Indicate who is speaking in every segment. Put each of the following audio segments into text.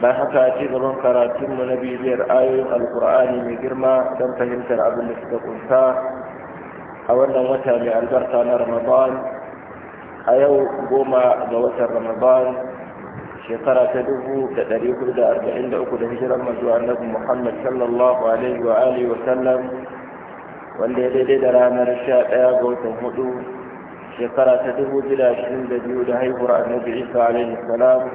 Speaker 1: bai haka ci gaban karatunmu na bibiyar ayoyin alkur'ani mai girma don fahimtar abin da suka kunsa a wannan wata mai albarka na ramadan a yau goma ga watan ramadan shekara ta dubu da ɗari hudu da arba'in da uku da hijiran manzo annabi muhammad sallallahu alaihi wa alihi wa sallam wanda ya daidai da ranar sha ɗaya ga watan hudu shekara ta dubu biyu da ashirin da biyu da haihuwar annabi isa alaihi salam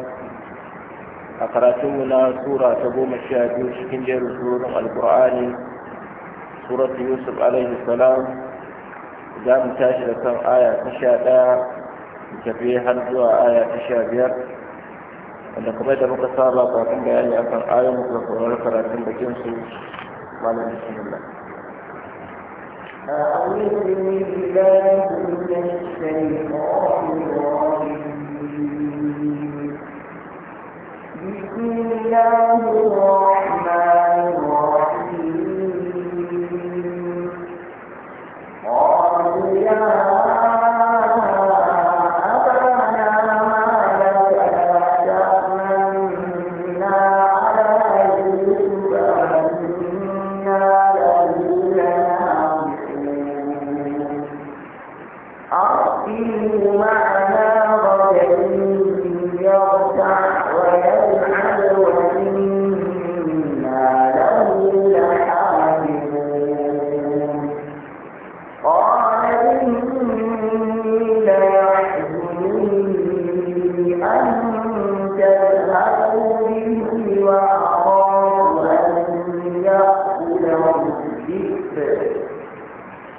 Speaker 1: أقرأتونا سورة أبو الشهد يوشكين جير سورة القرآن سورة يوسف عليه السلام دام تاشرة آية تشهد كفيها الزوى آية تشهد أن قميت مقصار الله فأقوم بأن يأفر آية مقصر ونقر أكثر بجنس بسم الله
Speaker 2: أعوذ بالله من الشيطان الرحيم ya Yeah.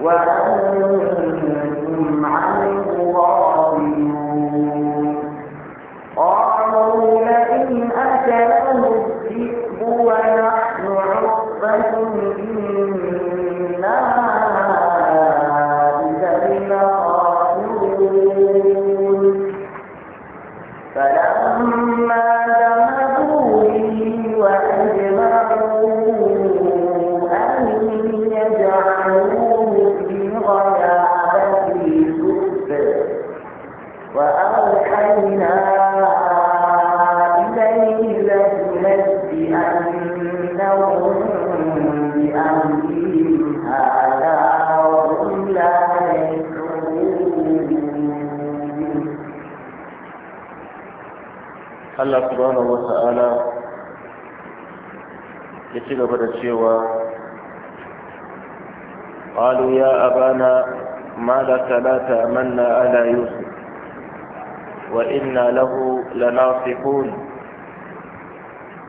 Speaker 2: ولا
Speaker 1: subhanahu wa ta'ala ya ci gaba da cewa ƙalu ya abana mala talata manna ala yusuf wa inna lahu lanasihun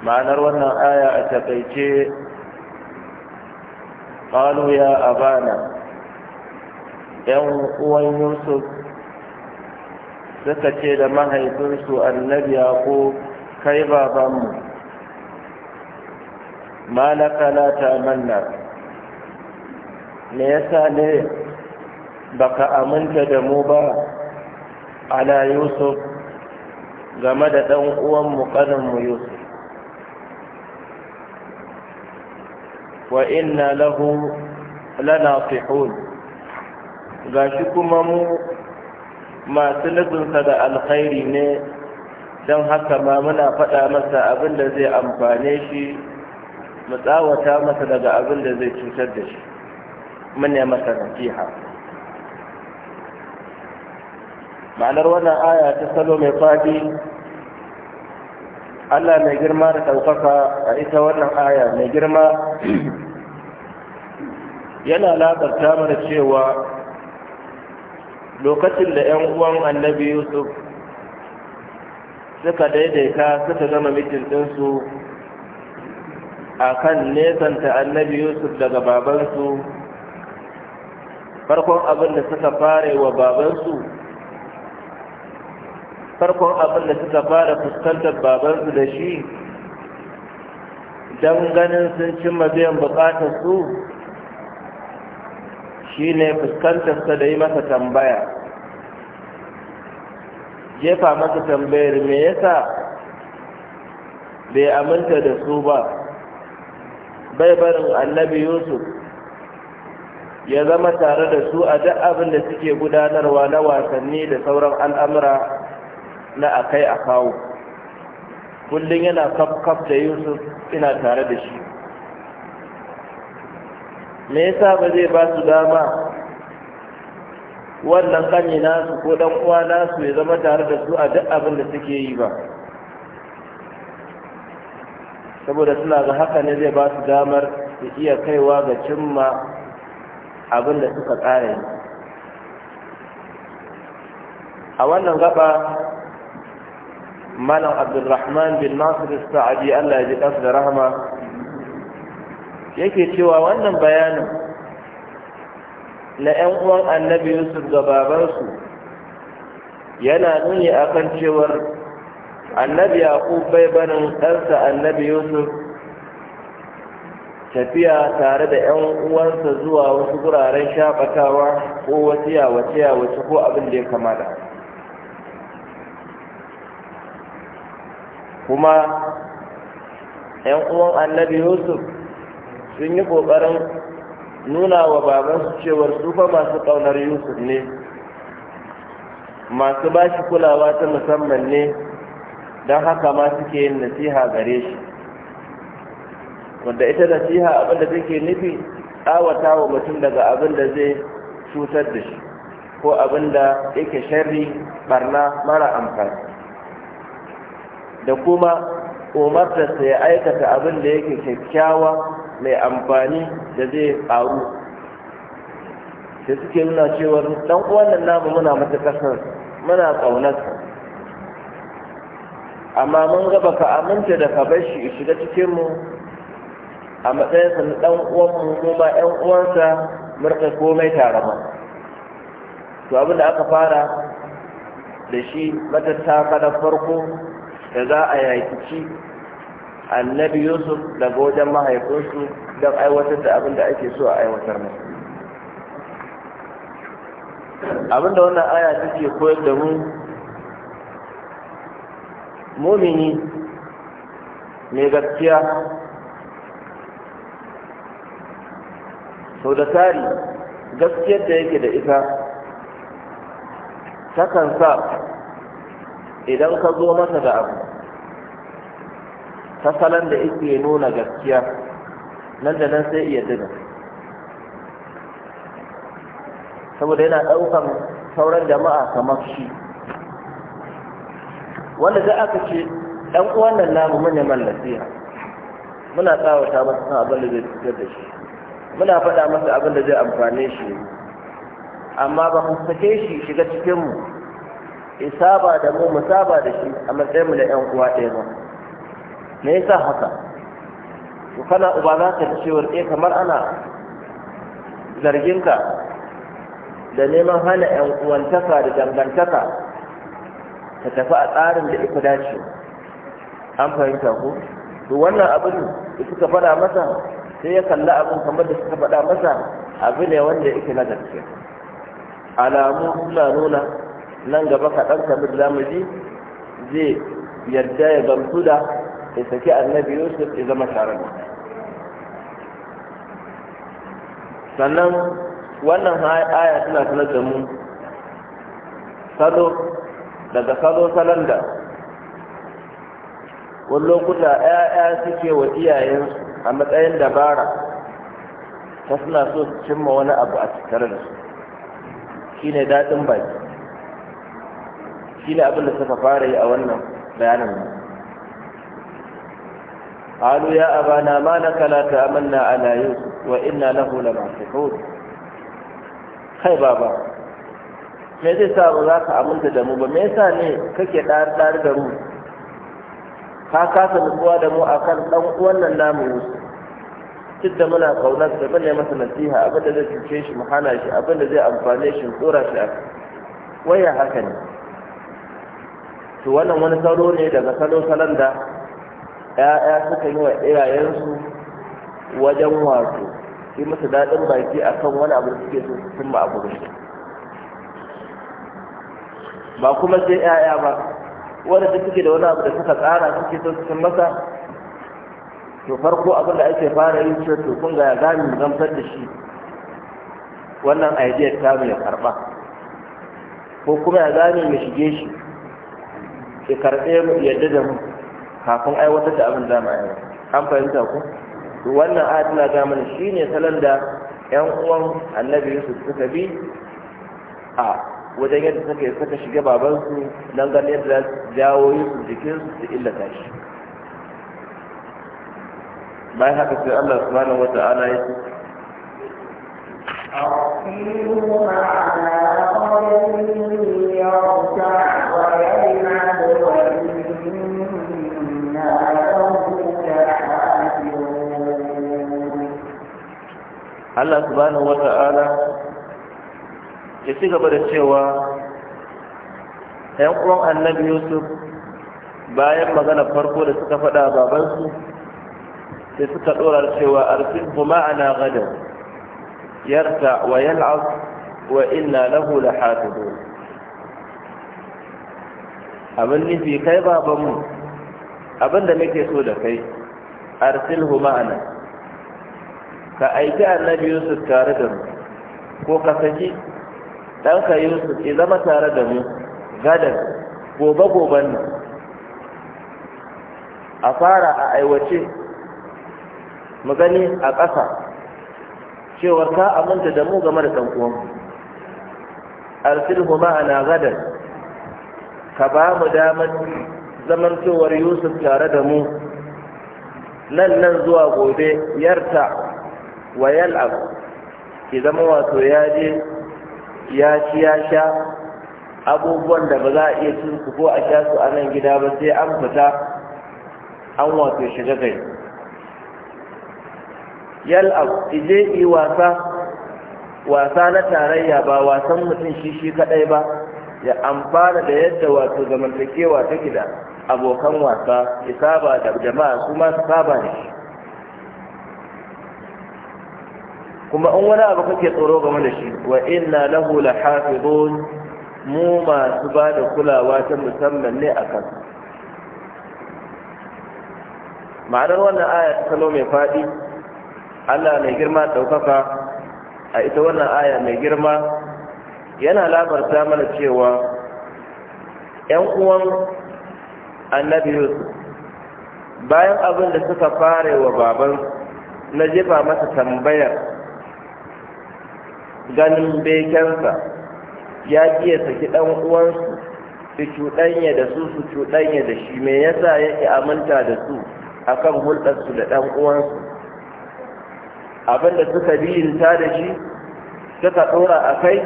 Speaker 1: ma'anar wannan aya a taƙaice ƙalu ya abana ɗan uwan yusuf suka ce da mahaifinsu annabi ya ko kai babanmu malaka la manna. me yasa ne baka aminta da mu ba ala yusuf game da dan uwan mu kanin mu yusuf wa inna lahu lanasihun gashi kuma mu masu nufinsa da alkhairi ne don haka ma muna faɗa masa abin da zai amfane shi mu tsawata masa daga abin da zai cutar da shi mune masa nasiha ma'anar wannan aya ta salo mai faɗi Allah mai girma da ɗaukaka a ita wannan aya mai girma yana lakarta mana cewa lokacin da 'yan uwan annabi yusuf suka daidaita suka gama mitin ɗinsu a kan nesanta annabi yusuf daga babansu farkon abin suka fara wa babansu farkon abin suka fara fuskantar babansu da shi don ganin sun cimma biyan bukatar su shi ne fuskantarsa da yi masa tambaya jefa masa tambayar me yasa bai aminta da su ba bai barin annabi yusuf ya zama tare da su a duk abin da suke gudanarwa na wasanni da sauran al'amura na akai a kawo kullum yana kafkaf da yusuf ina tare da shi me yasa ba zai ba su dama wannan kanye nasu ko dan uwa nasu ya zama tare da su a duk abin da suke yi ba saboda suna ga haka ne zai ba su damar su iya kaiwa ga cimma abin da suka tsara yi a wannan gaba malam abdulrahman bin nasir sa'adi allah ya ji da rahama yake cewa wannan bayanin na 'yan uwan annabi yusuf da babansu yana nuni a kan cewar annabi yaqub bai barin ɗansa annabi yusuf tafiya tare da 'yan uwansa zuwa wasu guraren shakatawa ko wasu yawace yawace ko abin da ya kamata kuma 'yan uwan annabi yusuf sun yi ƙoƙarin nuna wa babansu cewar su masu kaunar yusuf ne masu ba shi kulawa ta musamman ne don haka ma suke yin nasiha gare shi wanda ita nasiha abinda take nufi tsawata wa mutum daga abinda zai cutar da shi ko abinda yake sharri barna mara amfani da kuma umartarsa ya aikata abinda yake kyakkyawa mai amfani da zai ƙaru da suke nuna cewa dan uwan nan namu muna kasar muna ƙaunarsa amma mun ga baka aminta da ka bar shi shiga cikin mu a matsayinsa na dan uwan mu ko ma uwansa mu komai tare ba to abin da aka fara da shi matattaka na farko da za a yaki annabi yusuf daga wajen mahaifinsu don aiwatar da abin da ake so a aiwatar masa abinda wannan aya take koyar da mu mumini mai gaskiya sau da tari gaskiyar da yake da ita takan sa idan ka zo masa da abu ta salon da ake nuna gaskiya nan da nan sai iya dina saboda yana ɗaukan sauran jama'a kamar shi wanda za aka ce ɗan uwan nan namu mun neman nasiha muna tsawata masa san abin da zai fitar da shi muna faɗa masa abin da zai amfane shi amma ba mu sake shi shiga cikinmu isaba da mu musaba da shi a matsayinmu da ƴan uwa ɗaya ba me yasa haka to kana uba za ka ta cewar eh kamar ana zarginka da neman hana yan uwantaka da dangantaka ta tafi a tsarin da ita dace an fahimta ko to wannan abin da suka faɗa masa sai ya kalla abin kamar da suka faɗa masa abu ne wanda yake na gaske alamu suna nuna nan gaba kaɗan kamar zamu zai yarda ya gamsu da ya saki annabi yusuf ya zama tare da sannan wannan aya suna sanar da mu salo daga salo salon da wani lokuta 'ya'ya suke wa iyayensu a matsayin dabara ta suna so su cimma wani abu a tattare da su shi ne daɗin baki shi ne abin da suka fara yi a wannan bayanin قالوا يا أبانا ما لك لا تأمنا على يوسف وإنا له لمعتقون kai baba me zai sa ba za ka aminta da mu ba me yasa ne kake ɗar ɗar da mu ka kasa nutsuwa da mu akan ɗan uwan da muna kaunar da ne masa nasiha abin da zai cuce shi mu hana shi abin zai amfane shi tsora shi a waya haka ne to wannan wani sauro ne daga salo salon da ya'ya suka yi wa iyayensu wajen wato yi musu daɗin baki a kan wani abu da suke so su cimma a gurin ba kuma sai ya'ya ba wanda duk suke da wani abu da suka tsara suke so su masa to farko abin da ake fara yin cewa to kun ga za mu gamsar da shi wannan idea ta mu ya karba ko kuma ya zame mu shige shi ya karbe mu yadda da mu kafin aiwatar da abin zama yi an fahimta ku wannan ayat tana ga mana shine salon da yan uwan annabi Yusuf suka bi a wajen yadda suka suka shiga babansu don ganin yadda za su jawo Yusuf jikinsu su illata shi bayan haka sai Allah subhanahu wa ta'ala ya ce
Speaker 2: أَرْسِلْهُ مَعَنَا قَوْمٍ يَرْجَعْ وَيَرْجَعْ
Speaker 1: Allah subhanahu wata'ala ya ci gaba da cewa ‘yan uwan annabi Yusuf bayan magana farko da suka faɗa babansu sai suka ɗora cewa arfin kuma ana gadon yarta wa yal'az wa inna lahu da hatidun abin nufi kai babanmu abin da muke so da kai arsilhu ma'ana ka aiki annabi yusuf tare da mu ko ka saki ɗanka yusuf ya zama tare da mu gadan gobe goben a fara a aiwace mu gani a ƙasa cewar ka aminta da mu game da ɗan uwanmu arsilhu ana gadan ka ba mu damar zamantowar yusuf tare da mu nan nan zuwa gobe yarta wa yal'ab ki zama wato ya je ya ci ya sha abubuwan da ba za a iya cin ko a sha su a nan gida ba sai an fita an wato shiga gari yal'ab ki je yi wasa wasa na tarayya ba wasan mutum shi shi kadai ba ya amfana da yadda wato zamantakewa take da abokan wasa ya saba da jama'a su ma saba ne. shi kuma in wani abu kake tsoro game da shi wa inna lahu hafizun mu masu ba da kulawa ta musamman ne akan? ma'anar wannan aya ta salo mai faɗi allah mai girma ɗaukaka a ita wannan aya mai girma yana labarta mana cewa 'yan uwan annabi yusuf bayan abin da suka fara wa baban na jefa masa tambayar ganin bekensa ya iya saki ɗan uwansu su cuɗanya da su su cuɗanya da shi me yasa yake aminta da su akan hulɗarsu da ɗan uwansu abinda suka biyinta da shi suka ɗora a kai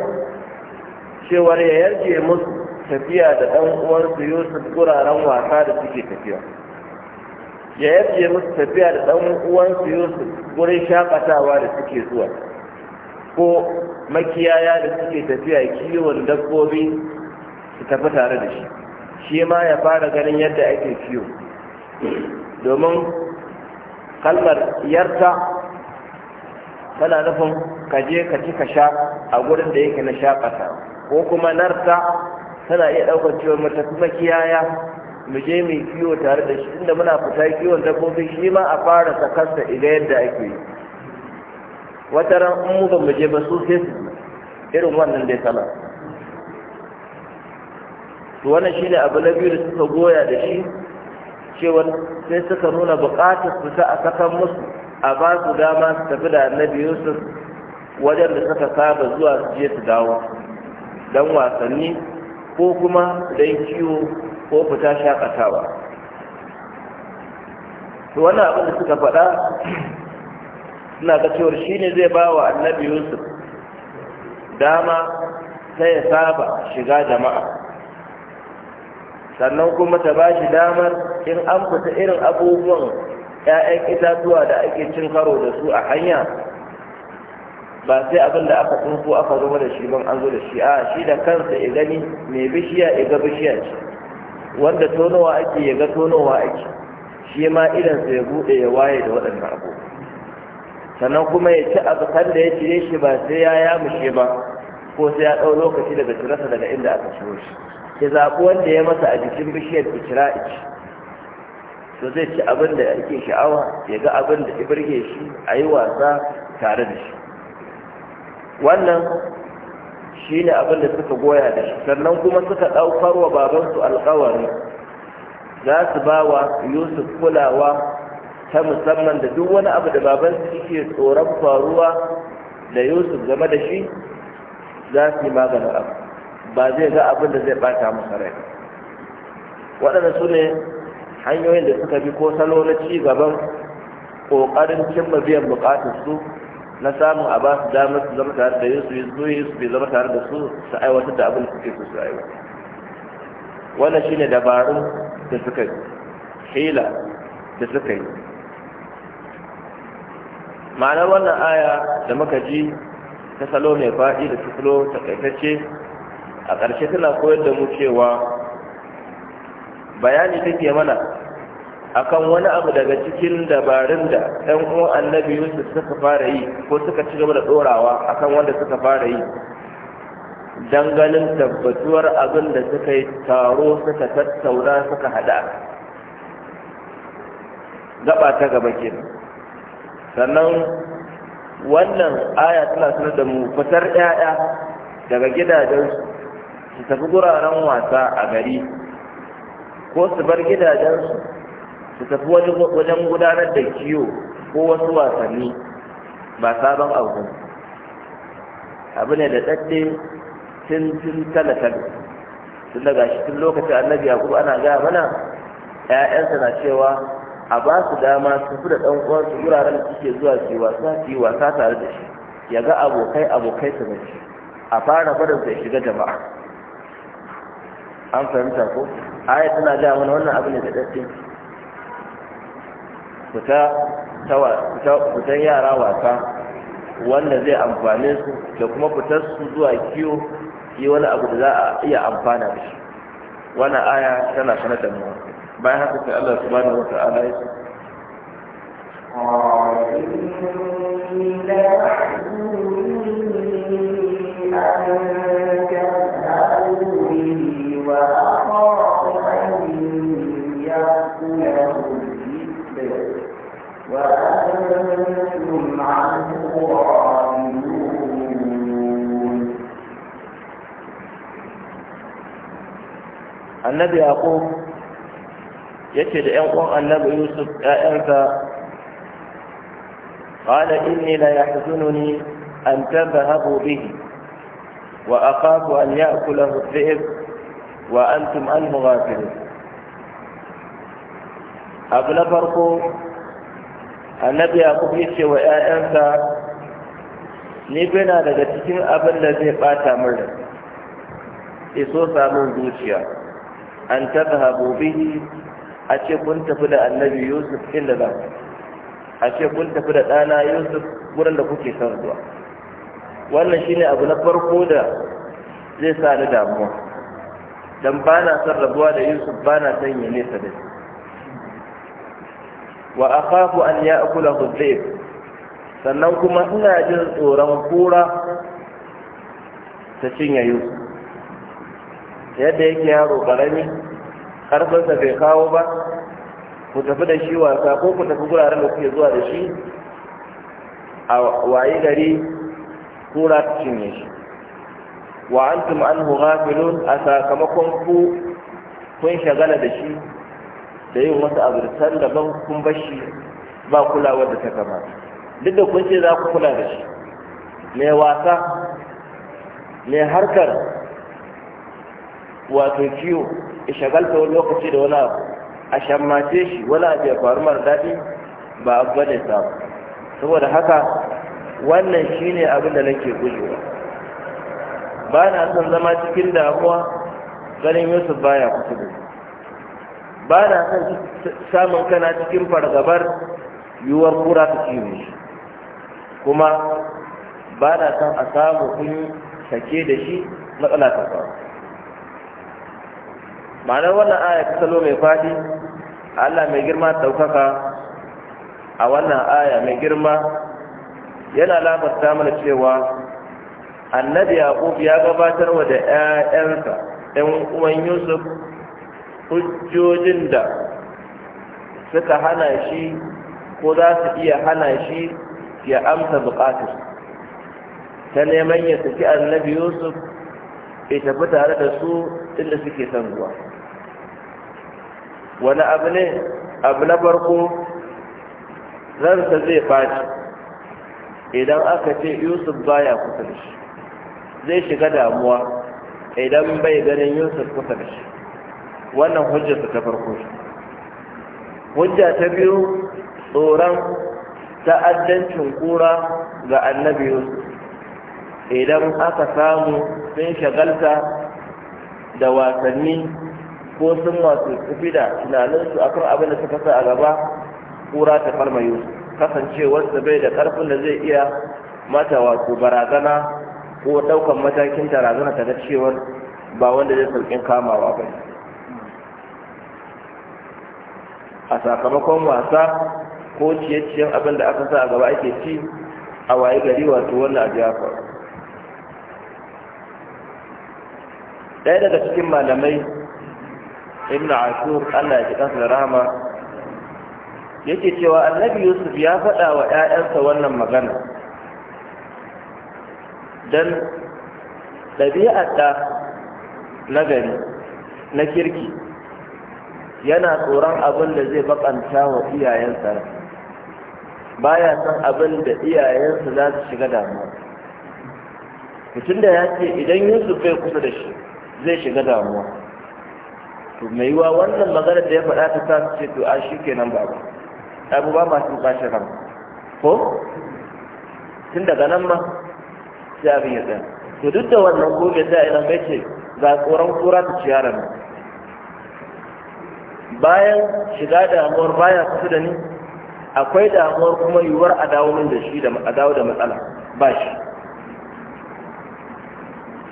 Speaker 1: cewar ya yarje musu tafiya da ɗan uwansu yusuf wuraren wasa da suke tafiya ya yarje musu tafiya da ɗan uwansu yusuf wurin shakatawa da suke zuwa ko makiyaya da suke tafiya kiwon dabbobi su tafi tare da shi shi ma ya fara ganin yadda ake kiwo domin kalmar yarta tana nufin ka je ka ci ka sha a gurin da yake na shakata ko kuma narta tana iya ɗaukar cewa mu tafi makiyaya mu je mu kiwo tare da shi inda muna fita kiwon dabbobi shi ma a fara sakarsa idan yadda ake yi wata ran in mu ba mu je ba su sai irin wannan dai sana to wannan ne abu na biyu da suka goya da shi cewa sai suka nuna buƙatar su ta a kasan musu a ba su dama su tafi da annabi yusuf wajen da suka saba zuwa su je su dawo don wasanni ko kuma don kiwo ko fita shakatawa to wannan abin da suka faɗa suna ga cewar shi ne zai ba wa annabi yusuf dama ta ya saba shiga jama'a sannan kuma ta ba shi damar in an fita irin abubuwan 'ya'yan itatuwa da ake cin karo da su a hanya ba sai abin da aka tunko aka zama da shi ban an zo da shi a shi da kansa ya gani mai bishiya ya ga bishiya ce wanda tonowa ake ya ga tonowa ake shi ma idansa ya buɗe ya waye da waɗannan abubuwa sannan kuma ya ci abu kan da ya cire shi ba sai ya yamushe ba ko sai ya ɗau lokaci daga cirasa daga inda aka ciro shi ya zaɓi wanda ya masa a jikin bishiyar ikira'ici to zai ci abin da yake sha'awa ya ga abin da ibirge shi a yi wasa tare da shi wannan shi ne abin da suka goya da shi sannan kuma suka ɗaukar wa babansu alkawari za su ba wa yusuf kulawa ta musamman da duk wani abu da baban su ke tsoron faruwa da yusuf game da shi za su yi maganin abu ba zai ga abin da zai bata masa rai waɗanda su ne hanyoyin da suka bi ko salo na ci gaban ƙoƙarin cimma biyan su na samun a ba su damar su zama tare da yusuf yanzu yusuf bai zama tare da su su aiwatar da abin da suke su su aiwatar wannan shine dabarun da suka yi hila da suka yi ma'ana wannan aya da muka ji ta salo mai faɗi da ta salo a ƙarshe tana koyar da mu cewa bayani take mana akan wani abu daga cikin dabarun da ɗan uwan annabi yusuf suka fara yi ko suka ci gaba da ɗorawa akan wanda suka fara yi ganin tabbatuwar abin da suka yi taro suka tattauna suka haɗa gaba ta gaba kenan sannan wannan aya tana sanar da mu fitar 'ya'ya daga gidajen su tafi guraren wasa a gari ko su bar gidajen su tafi wajen gudanar da kiyo ko wasu wasanni ba sabon abu abu ne da ɗaɗɗe tun tun talatal tun daga shi tun lokacin annabi yakubu ana gaya mana 'ya'yansa na cewa a ba su dama su fi da ɗan uwansu wuraren da suke zuwa su yi wasa su yi wasa tare da shi ya ga abokai abokai su shi a fara barin sai shiga jama'a an fahimta ko aya tana gaya mana wannan abu ne da ɗaɗɗin fita fitan yara wasa wanda zai amfane su da kuma fitar su zuwa kiwo yi wani abu da za a iya amfana da shi wannan aya tana sanar da mu bayan haka sai Allah subhanahu wa ta'ala ya
Speaker 2: ce وأنتم عنه
Speaker 1: النبي يقول yace da 'yan uwan annabi yusuf 'ya'yansa. qala inni la yahzununi an tadhhabu bihi wa a akhafu an ya'kulahu dhi'b wa an antum anhu ghafilun abu na farko annabi yaqub yace wa 'ya'yansa. ni bina daga cikin abin da zai ɓata mura. iso samun zuciya an tadhhabu bihi a ce kun tafi da annabi yusuf inda za ku a ce kun tafi da ɗana yusuf wurin da kuke son zuwa wannan shine abu na farko da zai sa ni damuwa don ba na son rabuwa da yusuf ba na son yi nesa da shi wa kafu an akula dhib sannan kuma ina jin tsoron kura ta cinye yusuf yadda yake yaro ƙarami karfinsa bai kawo ba ku tafi da shi wasa ko ku tafi guraren da kuke zuwa da shi a waye gari kura ta cinye shi wa antum anhu ghafilun a sakamakon ku kun shagala da shi da yin wasu azurtar da ban kun bashi ba kulawa da ta kamata duk da kun ce za ku kula da shi mai wasa mai harkar wato kiwo ya shagalta wani lokaci da wani a shammace shi wani abu ya faru mara daɗi ba abu bane samu saboda haka wannan shi ne abin da nake gujewa ba na son zama cikin damuwa ganin yusuf baya kusa da ba na son samun kana cikin fargabar yiwuwar kura ta ciwo shi kuma ba na son a samu kun sake da shi matsala ta faru ma'anar wannan aya ta salo mai fadi Allah mai girma ɗaukaka a wannan aya mai girma yana labarta mana cewa annabi yaqub ya gabatar wa da ƴaƴansa ɗan uwan yusuf hujjojin da suka hana shi ko za su iya hana shi ya amsa buƙatar ta neman ya saki annabi yusuf bai tafi tare da su inda suke son zuwa wani abu ne abu na farko ransa zai faci idan aka ce yusuf baya kusa da shi zai shiga damuwa idan bai ganin yusuf kusa da shi wannan hujjarsa ta farko shi. hujja ta biyu tsoron ta'addancin kura ga annabi yusuf idan aka samu sun shagalta da wasanni ko sun masu tafi da tunaninsu akan abin da suka sa a gaba kura ta farma bai da karfin da zai iya mata wato barazana ko daukan matakin tarazana ta cewar ba wanda zai sauƙin kamawa ba a sakamakon wasa ko ciye-ciyen abin da aka sa a gaba ake ci a waye gari wato wannan abu ya daga cikin malamai ibn ashur Allah ya ji kansa rahama yake cewa annabi yusuf ya faɗa wa ƴaƴansa wannan magana dan ɗabi'ar ɗa na gari na kirki yana tsoron abin da zai bakanta wa iyayensa baya san abin da iyayensa za su shiga damuwa mutum da ya ce idan yusuf bai kusa da shi zai shiga damuwa to mai yiwa wannan magana da ya faɗa ta ta su ce to a shi nan ba abu ba masu ɓashin ran ko tun daga nan ma sai abin ya tsaya to duk da wannan ko sai sa idan bai ce ga tsoron kura ta ciyara nan bayan shiga damuwar baya kusa da ni akwai damuwar kuma yiwuwar a dawo min da shi a dawo da matsala ba shi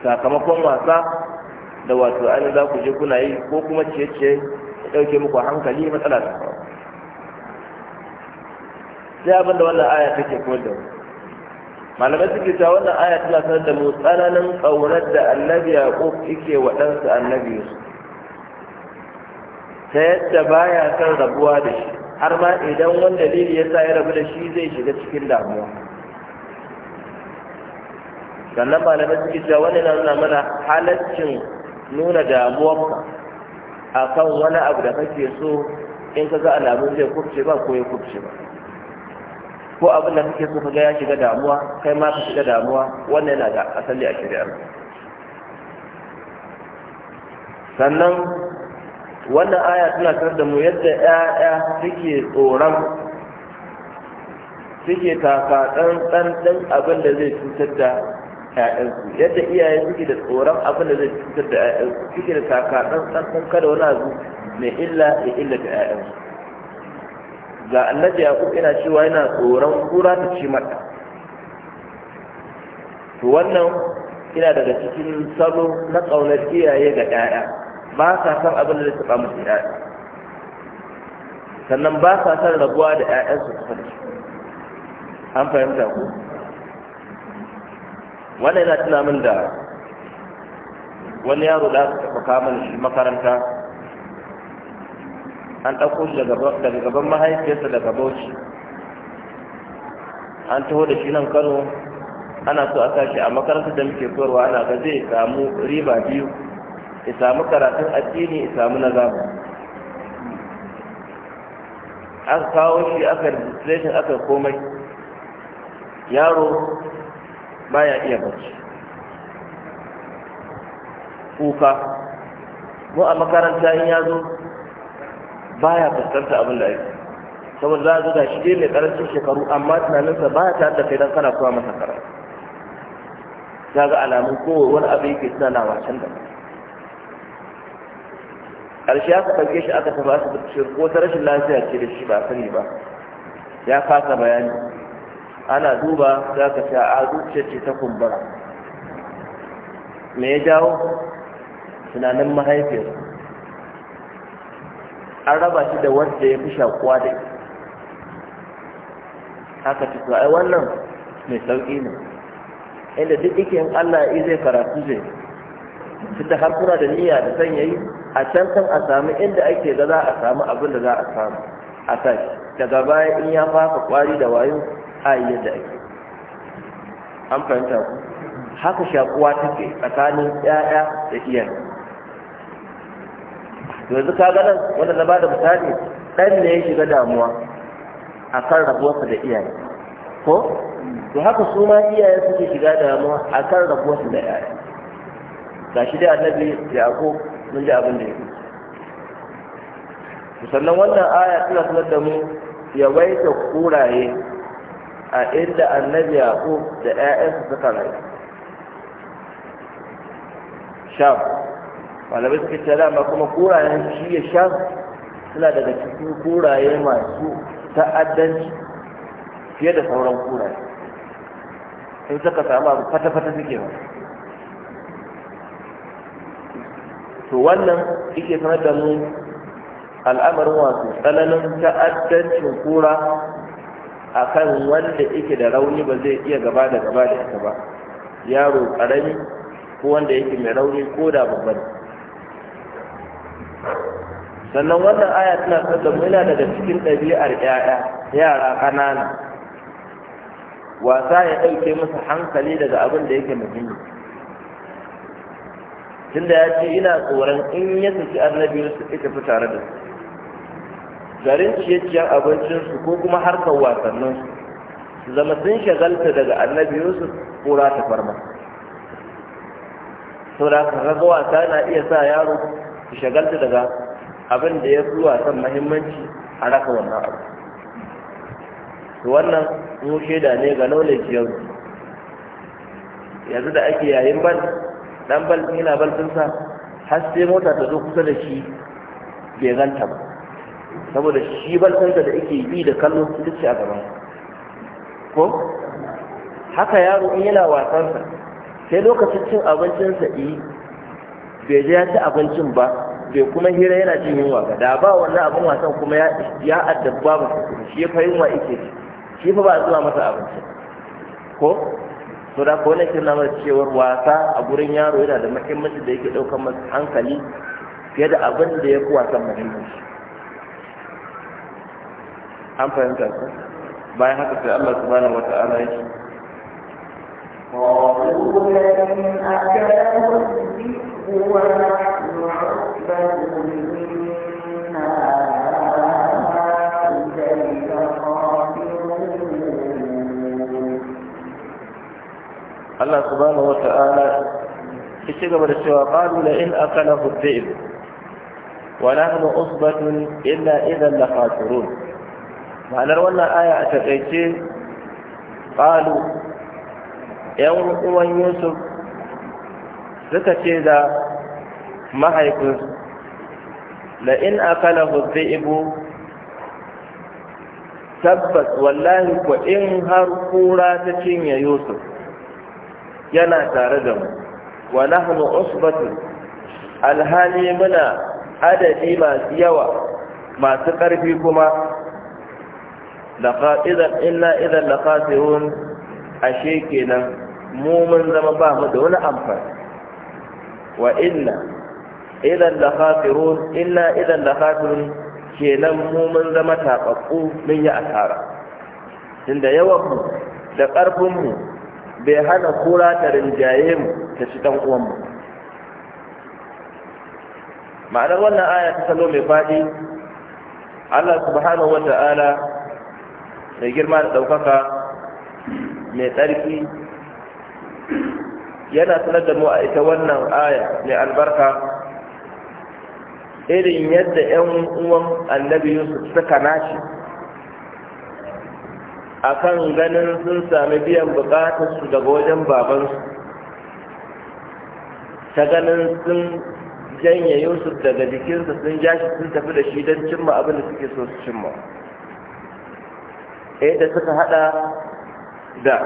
Speaker 1: sakamakon wasa da wato ainihin za ku je kuna yi ko kuma ciye-ciye ya ɗauke muku hankali matsala ta faru sai abinda wannan aya take kuma da mu malamai suke cewa wannan aya tana sanar da mu tsananin ƙaunar da annabi yaqub yake wa ɗansa annabi yusuf ta yadda baya kan rabuwa da shi har ma idan wani dalili ya sa ya rabu da shi zai shiga cikin damuwa sannan malamai suke cewa wannan na nuna mana halaccin nuna damuwarka kan wani abu da kake so in ka ga alamun zai kubce ba ko ya kubce ba ko abin da kake so kaga ya shiga damuwa kai ma ka shiga damuwa wannan yana da asali a shari'ar sannan wannan aya tana tar da mu yadda 'ya'ya suke tsoron suke taka abin da zai cutar da ƴaƴansu yadda iyaye suke da tsoron abin da zai cutar da ƴaƴansu suke da kakaɗan tsantsan kada wani abu mai illa ya illa da ƴaƴansu ga annabi yaqub yana cewa yana tsoron kura ta ci mata to wannan ina daga cikin salo na ƙaunar iyaye ga ƴaƴa ba sa san abin da zai taɓa musu ƴaƴa sannan ba sa san rabuwa da ƴaƴansu kusa da shi an fahimta ku wannan yana tuna min da wani yaro da aka tafi kamun shi makaranta an ɗauko shi daga gaban mahaifiyarsa daga bauchi an taho da shi nan kano ana so a sashi a makarantar da muke koyarwa ana ga zai samu riba biyu ya samu karatun addini ya samu na zamani aka kawo shi aka registration aka komai yaro baya iya bacci kuka mu a makaranta in ya zo baya fuskanta abin da ake saboda za a zo da shi dai mai karancin shekaru amma tunaninsa baya ta da kai don kana kuma masa karatu ta ga alamun kowai wani abu yake na can da ƙarshe aka ɗauke shi aka tafi asibiti ko ta rashin lafiya ce da shi ba sani ba ya kasa bayani ana duba za ka sha a zuciyarci ta kumbura me ya jawo tunanin mahaifiyar an raba shi da wanda ya fi shakuwa da ita haka ci ai wannan mai sauƙi ne inda duk ike in Allah ya zai karatu zai Fita har kuna da niyya da san yayi a can kan a samu inda ake ga za a samu abin da za a samu a sashi daga baya in ya fafa kwari da wayo a yi yadda ake an fahimta ku haka shakuwa take tsakanin 'ya'ya da iyaye yanzu ka ga wanda na bada misali ɗan ne ya shiga damuwa a kan rabuwarsa da iyaye ko to haka su ma iyaye suke shiga damuwa a kan rabuwarsa da iyaye ga shi dai annabi yaƙo mun ji abin da ya fi sannan wannan aya tana sanar da mu yawaita kuraye a inda annabi yaƙo da 'ya'yansa suka rayu sham malamai suka ce dama kuma kurayen shi ya sham suna daga cikin kuraye masu ta'addanci fiye da sauran kuraye in suka samu abu fata-fata suke ba to wannan yake sanar da mu al'amarin wasu tsananin ta'addancin kura akan wanda yake da rauni ba zai iya gaba da gaba da ita ba yaro karami ko wanda yake mai rauni ko da babban sannan wannan aya tana tsada yana daga cikin ɗabi'ar ƴaƴa yara ƙanana wasa ya ɗauke masa hankali daga abin da yake muhimmi tunda ya ce ina tsoron in ya saki annabi su ita fi tare da su garin ciye-ciyen abincinsu ko kuma harkar wasanninsu su zama sun shagalta daga annabi yusuf kura ta farma saboda kaga wasa na iya sa yaro su shagalta daga abin da ya fi wasan mahimmanci a raka wannan abu to wannan mu shaida ne ga knowledge yau yanzu da ake yayin bal dan bal yana bal har sai mota ta zo kusa da shi bai ganta ba saboda shi barkanka da ake bi da kallo duk a gaban ko haka yaro in yana wasansa sai lokacin cin abincinsa yi eh, bai je ya ci abincin ba bai kuma hira yana jin yunwa ba da ba wannan abin wasan kuma ya addabba ba shi ya fa yunwa yake shi fa ba zuwa masa abinci. ko to da ko wannan kirna mana cewar wasa a gurin yaro yana da muhimmanci da yake daukar masa hankali fiye da abin da ya fi wasan muhimmanci an fahimta ku bayan haka sai Allah subhanahu wata'ala yake Allah subhanahu wata'ala ya ci gaba da cewa qalu la in akalahu dhi'b wa nahnu usbatun illa idhan la khasirun ma'anar wannan aya a taƙaice ƙalu ‘yan uwan yusuf suka ce da in a akala huzzi ibu tabbas wallahi ko in har kura ta cinye yusuf yana tare da mu wa nahnu usbatu alhali muna adadi masu yawa masu ƙarfi kuma illa idan da fasirun ashe kenan mu mun zama ba mu da wani amfani wa illa idan da fasirun illa idan da fasirun kenan mu mun zama taɓaɓɓu mun yi asara tunda yawanmu da ƙarfinmu bai hana kura ta rinjaye mu ta ci ɗan uwanmu ma'anar wannan aya ta salo mai faɗi Allah subhanahu wa ta'ala mai girma da ɗaukaka mai tsarki yana sanar da mu a ita wannan aya mai albarka irin yadda 'yan uwan annabi yusuf suka nashi a kan ganin sun sami biyan bukatarsu daga wajen babansu ta ganin sun janye yusuf daga jikinsa sun ja sun tafi da shi don cimma abin da suke so su cimma yadda eh, suka hada da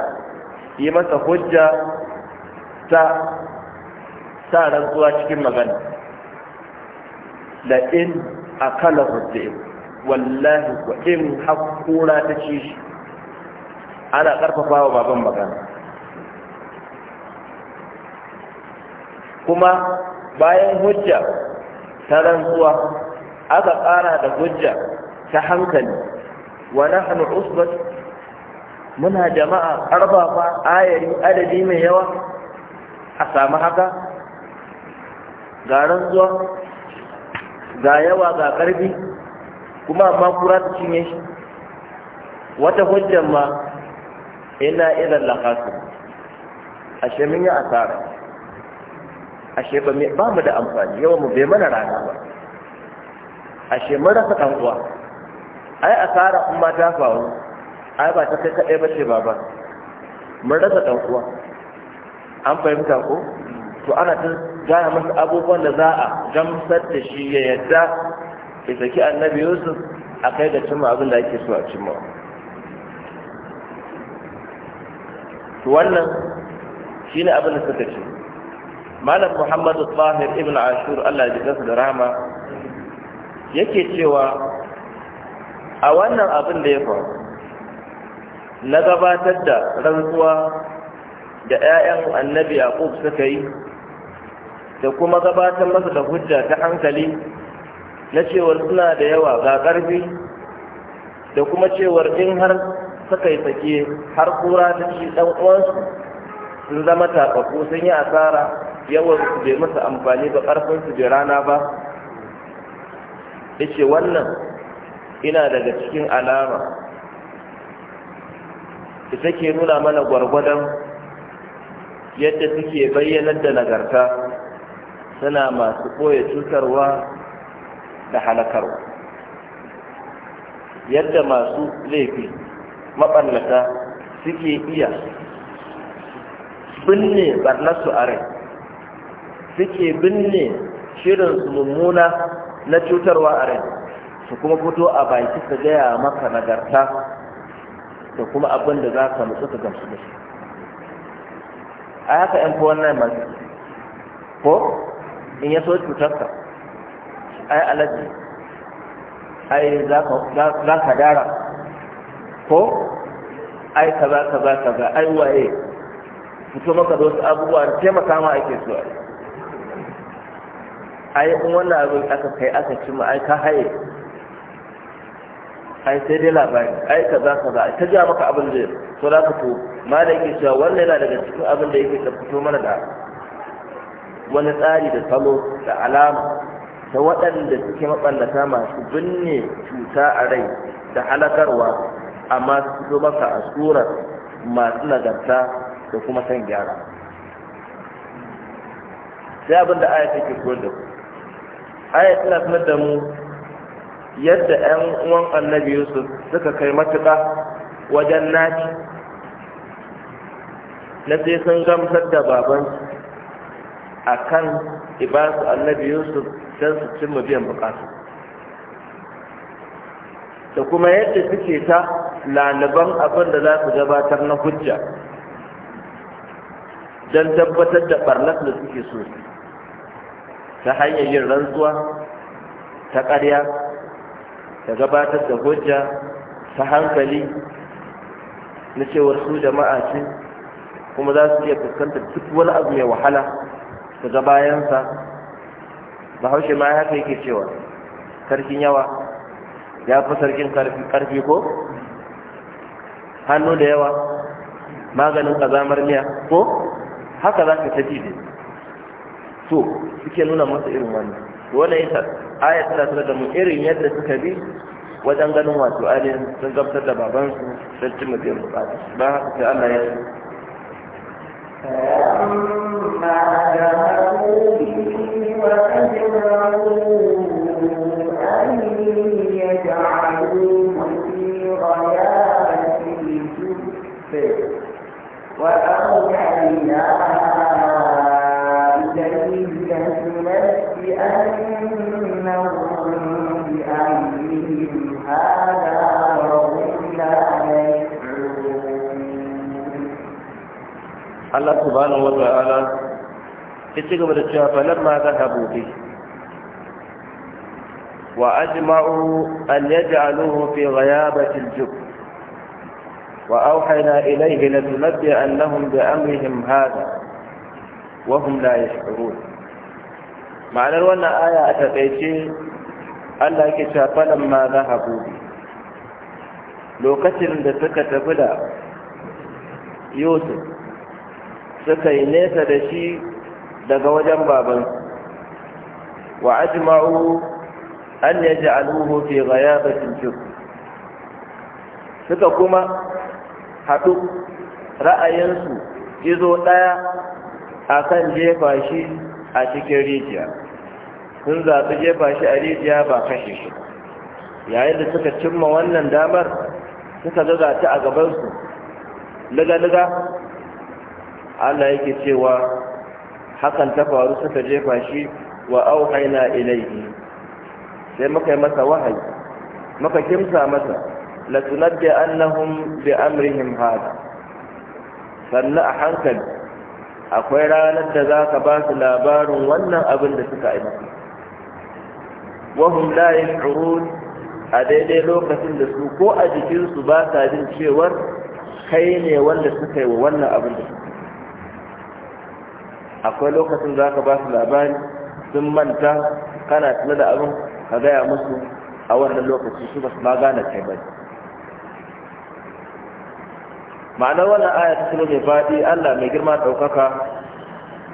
Speaker 1: yi masa hujja ta sa rantsuwa cikin magana da in a kala wallahi ku in ta ci shi ana karfafa wa baban magana kuma bayan hujja ta rantsuwa aka ƙara da hujja ta hankali wa nahnu usbat muna jama'a fa ayari adadi mai yawa a samu haka ga ranzuwa ga yawa ga ƙarfi kuma amma kura ta cinye shi wata hujjan ma ina idan lakasu ashe mun yi asara ashe ba mu da amfani yawan mu bai mana rana ba ashe mun rasa ɗan uwa ai asara kuma ta faru ai ba ta kai kaɗai ba ce baba mun rasa ɗan uwa an fahimta ko to ana ta gaya masa abubuwan da za a gamsar da shi ya yadda ya saki annabi yusuf a kai da cimma abin da ake so a cimma to wannan shi ne abin da suka ce malam muhammadu tsahir ibn ashur allah ya ji da rahama yake cewa a wannan abin da ya faru na gabatar da rantsuwa da 'ya'yan annabi a ƙub suka yi da kuma gabatar masa da hujja ta hankali na cewar suna da yawa ga ƙarfi da kuma cewar in har suka yi sake har kura ta ci ɗan uwansu sun zama tafafu sun yi asara yawan su bai masa amfani ba ƙarfinsu bai rana ba ya ce wannan ina daga cikin alama ita ke nuna mana gwargwadon yadda suke bayyanar da nagarta suna masu ɓoye cutarwa da halakarwa yadda masu laifi maɓallata suke iya binne barnarsu a rai suke binne shirin mummuna na cutarwa a rai su kuma fito a baki su gaya maka nagarta da kuma abin da za ka nutsu ka gamsu da shi a haka yan fi wannan masu ko in ya so cutarka ai alaji ai za ka dara ko ai kaza kaza kaza ai waye fito maka da wasu abubuwa da taimaka ma ake so ai in wannan abin aka kai aka cimma? ai ka haye ai sai dai labari ai kaza kaza ta ja maka abin da so za ka to malam yake cewa wannan yana daga cikin abin da yake da fito mana da wani tsari da salo da alama ta waɗanda suke maɓallata masu binne cuta a rai da halakarwa amma su fito maka a surar masu nagarta da kuma san gyara sai abin da aya take koyar da ku tana sanar da mu yadda 'yan uwan annabi yusuf suka kai matuƙa wajen naci na sai sun gamsar da baban a kan ibasu annabi yusuf don su cimma biyan bukatu da kuma yadda suke ta lanuban abin da za su gabatar na hujja don tabbatar da barnas da suke so ta hanyar yin rantsuwa ta ƙarya da gabatar da hujja ta hankali na cewar su jama'a ce kuma za su iya fuskantar duk wani abu mai wahala daga bayansa bahaushe ma haka yake cewa karfin yawa ya fi sarkin karfi ko hannu da yawa maganin kazamar miya ko haka za ka tafi da so suke nuna masa irin wannan wannan yasa ayat suna sanar da mu irin yadda suka bi wajen ganin wato ainihin sun gabtar da babansu sun cimma biyan bukata ba haka sai Allah ya yi
Speaker 2: فلما جاءوا به الله
Speaker 1: سبحانه وتعالى اتقوا الرجال فلما ذهبوا به واجمعوا ان يجعلوه في غيابه الجب واوحينا اليه لتنبئ انهم بامرهم هذا وهم لا يشعرون ma'anar wannan aya a taƙaice allah yake shafalan ma za a lokacin da suka tafi da yusuf suka yi nesa da shi daga wajen babansu wa ajma'u an ya ji al'uhu fi ghayabatin shuk suka kuma haɗu ra'ayinsu izo ɗaya akan jefa shi a cikin rijiya sun zaɓi jefa shi a rijiya ba kashe shi yayin da suka cimma wannan damar suka zaga ta a gabansu liga-liga Allah yake cewa hakan ta faru suka jefa shi wa auhaina ilaihi sai muka yi masa wahayi muka kimsa masa latunabbi annahum bi amrihim hada Sannu a hankali akwai ranar da za ka ba su labarin wannan abin da suka yi maka wahum la yash'urun a daidai lokacin da su ko a jikinsu ba sa jin cewar kai ne wanda suka yi wa wannan abin da suka akwai lokacin za ka ba su labari sun manta kana tuna da abin ka gaya musu a wannan lokaci su ba su ma gane kai ba ma'anar wannan aya ta sura mai faɗi Allah mai girma ɗaukaka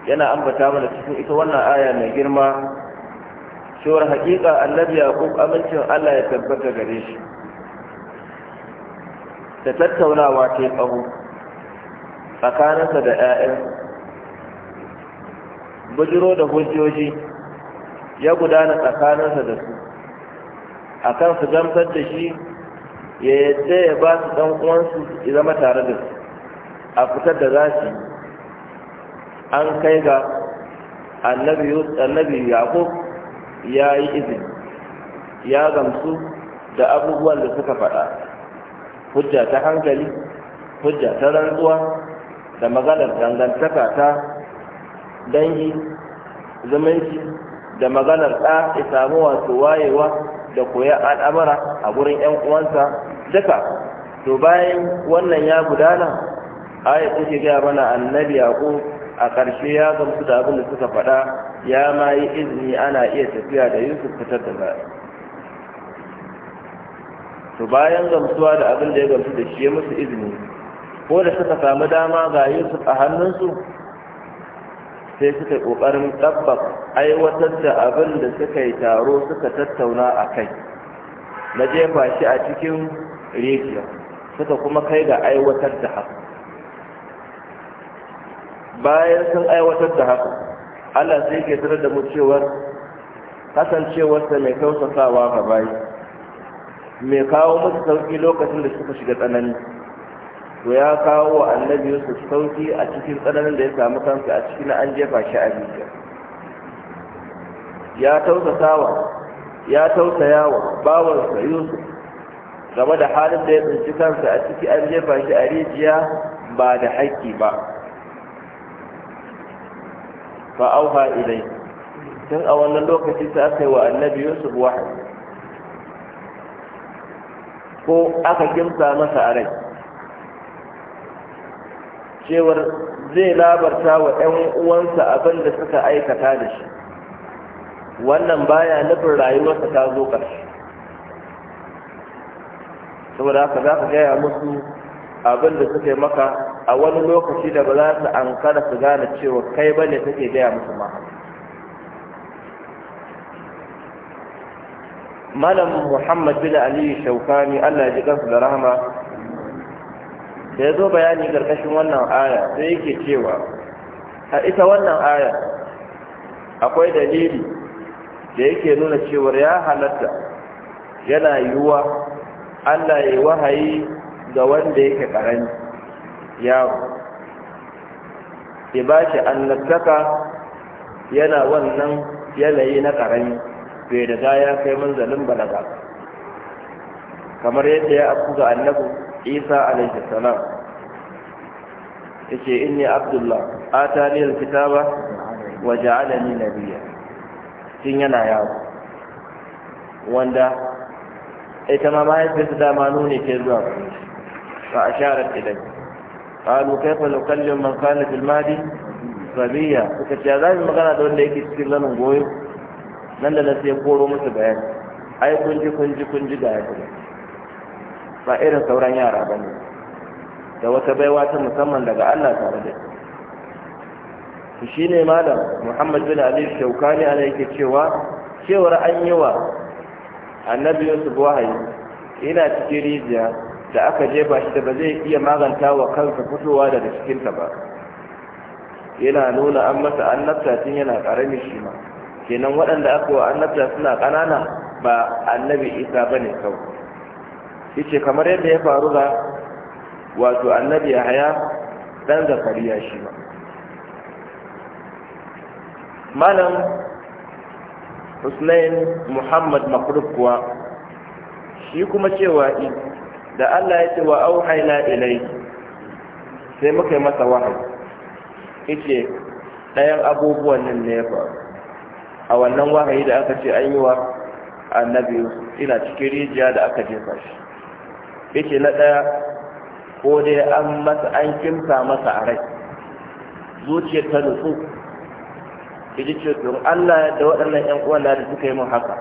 Speaker 1: yana ambata mana cikin ita wannan aya mai girma cewar haƙiƙa annabi yaqub amincin Allah ya tabbata gare shi da tattaunawa ta yi tsaho tsakaninsa da 'ya'yan bujiro da hujjoji ya gudana tsakaninsa da su a kan su gamsar da shi ya yadda ya ba su ɗan uwansu ya zama tare da su a fitar da za su an kai ga annabi yaƙub ya yi izini ya gamsu da abubuwan da suka faɗa hujja ta hankali hujja ta rantsuwa da maganar dangantaka ta dangi zumunci da maganar ɗa ya samu wasu wayewa da koya al'amara a gurin 'yan uwansa duka to bayan wannan ya gudana ayat take gaya mana annabi yaƙo a ƙarshe ya gamsu da abin da suka faɗa ya ma yi izini ana iya tafiya da yusuf fitar da baya to bayan gamsuwa da abin da ya gamsu da shi ya musu izini ko da suka samu dama ga yusuf a hannunsu sai suka ƙoƙarin tabbab aiwatar da abin da suka yi taro suka tattauna a kai na jefa shi a cikin rijiya suka kuma kai ga aiwatar da haka bayan sun aiwatar da haka allah sai ke tarar da mu cewar kasancewarsa mai kausakawa ga bayi mai kawo musu sauƙi lokacin da suka shiga tsanani to ya kawo wa annabi yusuf sauki a cikin tsananin da ya samu kansa a cikin an jefa shi a rijiya ya tausasawa ya tausayawa bawansa yusuf game da halin da ya tsinci kansa a ciki an jefa shi a rijiya ba da haƙƙi ba fa auha ilai tun a wannan lokaci sai aka yi wa annabi yusuf wahayi ko aka kimsa masa a rai cewar zai labarta wa 'yan uwansa abin da suka aikata da shi wannan baya nufin rayuwarsa ta zo ƙarshe saboda haka za ka gaya musu abin da suka maka a wani lokaci da ba za su an kada su gane cewa kai ba ne take gaya musu ma malam muhammad bin aliyu shaukani allah ya ji kansu da rahama da ya zo bayani karkashin wannan aya sai yake cewa a ita wannan aya akwai dalili da yake nuna cewa ya halatta yana yiwuwa allah ya wahayi ga wanda yake karani yawo ya ba shi annabtaka yana wannan yanayi na karami bai da ya kai manzalin balaga kamar yadda ya afku ga عيسى عليه السلام إشي إني عبد الله آتاني الكتابة وجعلني نبيا سينا ياو وندا إيتما ما يسبس دامانوني كذب فأشارت إليه قالوا كيف نكلم من كان في المادي صبيا فكتي أغاني مغانا دون ليكي تسير لنا نقول نندا نسيقور ومسبعين أي كنجي كنجي كنجي دائما ba irin sauran yara ba ne da wata baiwa ta musamman daga Allah tare da shi shi ne malam Muhammad bin Ali Shaukani ana yake cewa cewar an yi wa annabi Yusuf wahayi ina cikin rijiya da aka jefa shi da ba zai iya maganta wa kansa fitowa daga cikinta ba yana nuna an masa annabta tun yana ƙarami shi ma kenan waɗanda aka wa annabta suna ƙanana ba annabi isa ba ne kawai yace kamar yadda ya faru da wato annabi Yahaya dan Zakariya shi ba malam Hussein Muhammad Makruf kuwa shi kuma cewa da Allah ya ce wa auhaina ilayhi sai muka yi masa wahayi yace ɗayan abubuwan nan ne ya a wannan wahayi da aka ce an yi wa annabi ina cikin rijiya da aka jefa shi yace na ɗaya ko dai an masa an kimsa masa a rai zuciyar ta nutsu yaji ce don Allah da waɗannan 'yan uwan da suka yi min haka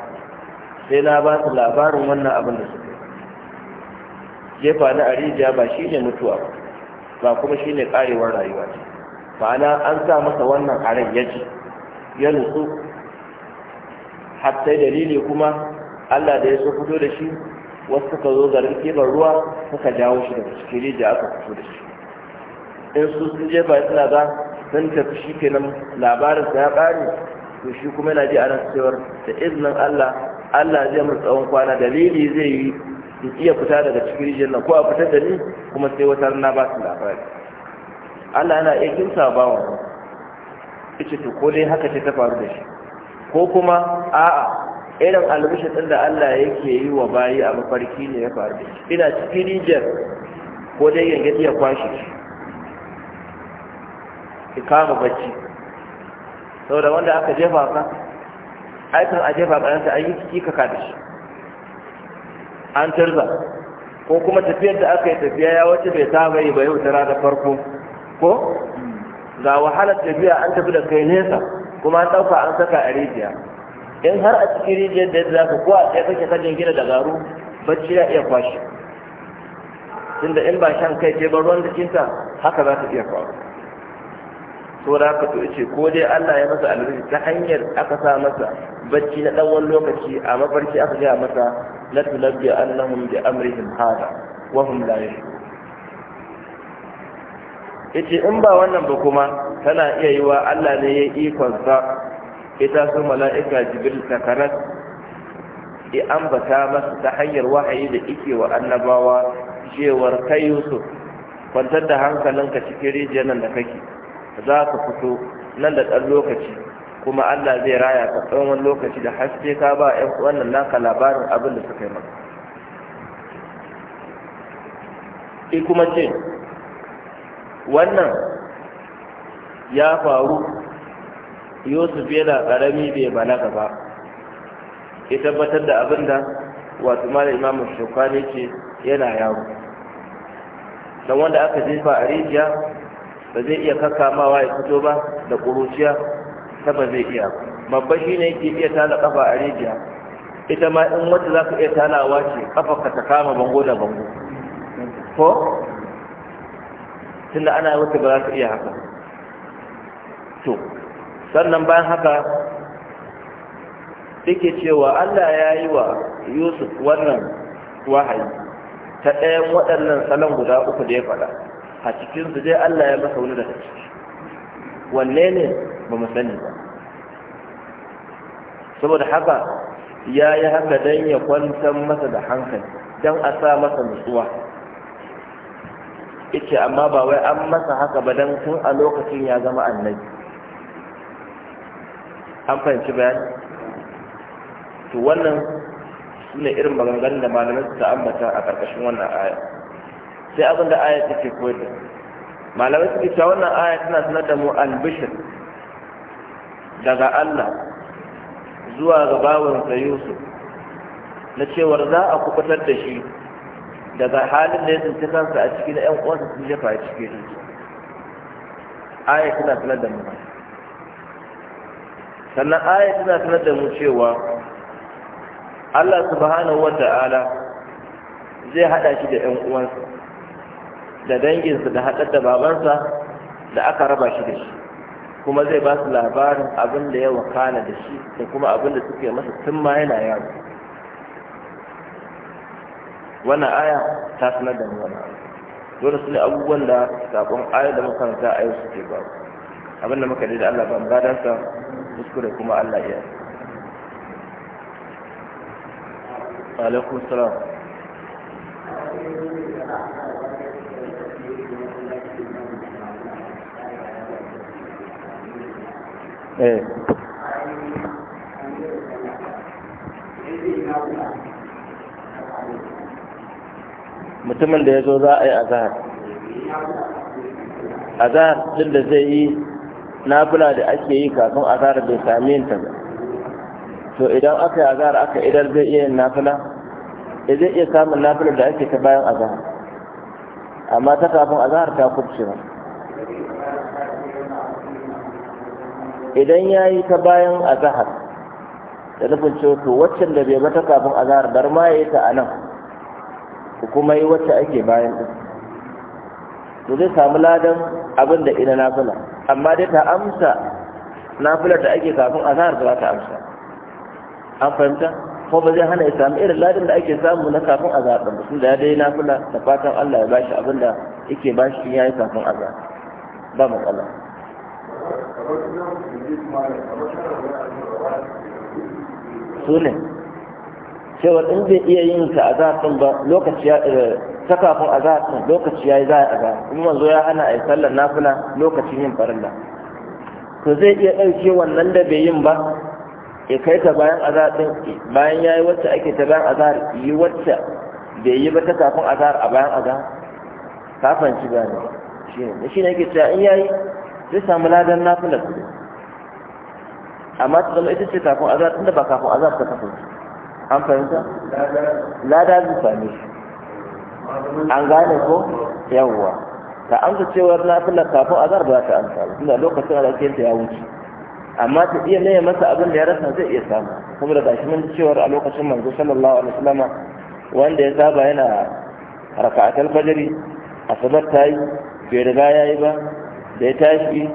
Speaker 1: sai na ba su labarin wannan abin da suka yi jefa na arijiya ba shi ne mutuwa ba kuma shi ne ƙarewar rayuwa ce ma'ana an sa masa wannan a rai ya ji ya nutsu hatta dalili kuma Allah da ya so fito da shi wasu suka zo garin keban ruwa suka jawo shi daga cikin rijiya aka fito da shi in su sun ba suna ba sun tafi shi kenan labarin sa ya ƙare to shi kuma yana ji a nan cewar da izinin Allah Allah zai mu tsawon kwana dalili zai yi in iya fita daga cikin rijiyar nan ko a fitar da ni kuma sai wata rana ba su labari Allah yana iya kinsa bawa ita to ko dai haka ce ta faru da shi ko kuma a'a irin albishin ɗin da Allah yake yi wa bayi a mafarki ne ya faru ina cikin rijiyar ko dai gangaɗi ya kwashe shi ki kama bacci saboda wanda aka jefa ka aikin a jefa ƙaransa an yi ciki ka kada shi an tarza ko kuma tafiyar da aka yi tafiya ya wace bai saba yi ba yau tara da farko ko ga wahalar tafiya an tafi da kai nesa kuma an ɗauka an saka a rijiya in har a cikin rijiyar da za ka kuwa sai kake kajin gina da garu bacci ya iya kwashe tunda in ba shan kai ce ba ruwan jikinta haka za ta iya faru to da haka to ce ko dai Allah ya masa alheri ta hanyar aka sa masa bacci na dan wani lokaci a mafarki aka ga masa la tulabbi annahum bi amrihim hada wa hum la yace in ba wannan ba kuma tana iya yiwa Allah ne ya ikon sa ita so mala'ika jibril takanas i ambata masa ta hanyar wahayi da ike wa annabawa cewar kai yusuf kwantar da hankalinka cikin rijiyar nan da kake za ka fito nan da ɗan lokaci kuma allah zai raya ka tsawon lokaci da haske ka ba yan wannan naka labarin abin da suka yi maka kuma ce wannan ya faru yusuf yana karami bai balaga ba ya tabbatar da abin da wato mala imamu shukani ce yana yawo don wanda aka jefa a rijiya ba zai iya kakkamawa ya fito ba da ƙuruciya ta ba zai iya babba shi ne yake iya tala ƙafa a rijiya ita ma in wata za ka iya talawa ce ƙafa ka ta kama bango da bango ko tunda ana wata ba za ka iya haka to sannan bayan haka suke cewa Allah ya yi wa Yusuf wannan wahayi ta ɗayan waɗannan salon guda uku da ya faɗa a cikinsu dai Allah ya masa wani daga ciki wanne ne ba mu sani ba saboda haka ya yi haka don ya kwantar masa da hankali don a sa masa nutsuwa ita amma ba wai an masa haka ba don tun a lokacin ya zama annabi an fahimci bayani to wannan su ne irin maganganun da malamai su ambata a ƙarƙashin wannan aya sai abin da aya take koyar da malamai suke cewa wannan aya tana sanar da mu albishir daga Allah zuwa ga sa Yusuf na cewar za a kubutar da shi daga halin da ya tsinci kansa a cikin 'yan uwansa sun jefa a cikin aya tana sanar da mu sannan aya tana sanar da mu cewa Allah subhanahu wata'ala zai hada shi da ƴan uwansa da danginsa da haɗar da babansa da aka raba shi da shi kuma zai ba su labarin abin da ya wakana da shi da kuma abin da suke masa tun ma yana yaro wannan aya ta sanar da mu wannan dole su ne abubuwan da sakon aya da makaranta a yau suke ba abin da muka da Allah ban gadansa kuskure kuma Allah ya yi. alaikum salam eh mutumin da ya zo za a yi azahar azahar din da zai yi nafila da ake yi kafin azhar bai sami yin ta ba to idan aka yi azhar aka idar zai iya yin nafila da eh, zai iya samun nafila da ake ta bayan azhar amma ta kafin azhar ta kubce ba idan ya yi ta bayan azahar da nufin cewa waccan da bai mata kafin azahar bar ma ya yi ta a nan kuma yi wacce ake bayan ɗin to zai samu ladan abin da ina nafila amma dai ta amsa nafilar da ake kafin azhar ba ta amsa an fahimta ko ba zai hana ya samu irin ladan da ake samu na kafin azhar da mutum da ya dai nafila da fatan Allah ya bashi abin da yake bashi in yayi kafin azhar ba matsala su ne cewa in zai iya yin ta a zafin ba lokaci ya ta eh, kafin a zafin lokaci ya yi za a zafin kuma manzo ya hana a yi sallar nafila lokacin yin farilla to zai iya ɗauke wannan da bai yin ba ya kai ta bayan azar bayan ya yi wacce ake ta bayan azar yi wacce bai yi ba ta kafin azar a bayan azar kafin ci gane shi ne shi ne yake cewa in yayi zai samu ladan nafilar amma ta zama ita ce kafin azar tunda ba kafin azar ta kasance an fahimta lada zai same shi an gane ko yawwa ta amsa cewar na fila kafin azar ba ta amsa ba tunda lokacin da ake ya wuce amma ta iya naya masa abin da ya rasa zai iya samu kuma da gashi mun cewar a lokacin manzo sallallahu alaihi wasallam wanda ya saba yana raka'atul fajri asabar ta yi bai riga ya yi ba da ya tashi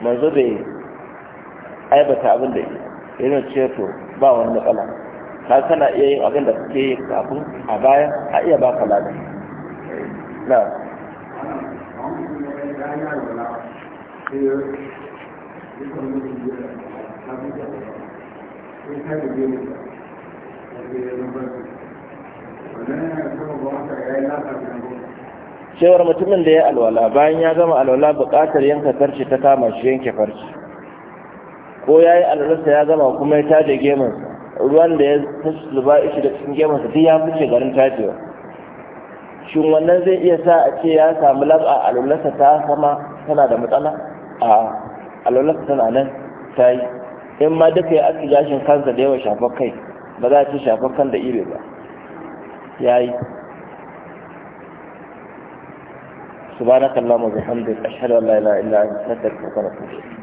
Speaker 1: manzo bai aibata abin da ya yi cewa to ba wani matsala ka kana iya yin abin da kake yi kafin a baya a iya baka lada na cewar mutumin da ya alwala bayan ya gama alwala buƙatar yanka farce ta kama shi yanke farce ko ya yi alwalarsa ya gama kuma ya taje gemunsa ruwan da ya zuba ishi da cikin gemar duk ya fice garin tajewa shin wannan zai iya sa a ce ya samu lafa a lullasa ta sama tana da matsala a lullasa tana nan ta yi in ma duka ya aski gashin kansa da yawa shafar kai ba za a ce shafar kan da ire ba ya yi subhanakallahumma wa bihamdika ashhadu an la ilaha illa anta astaghfiruka
Speaker 3: wa atubu ilayk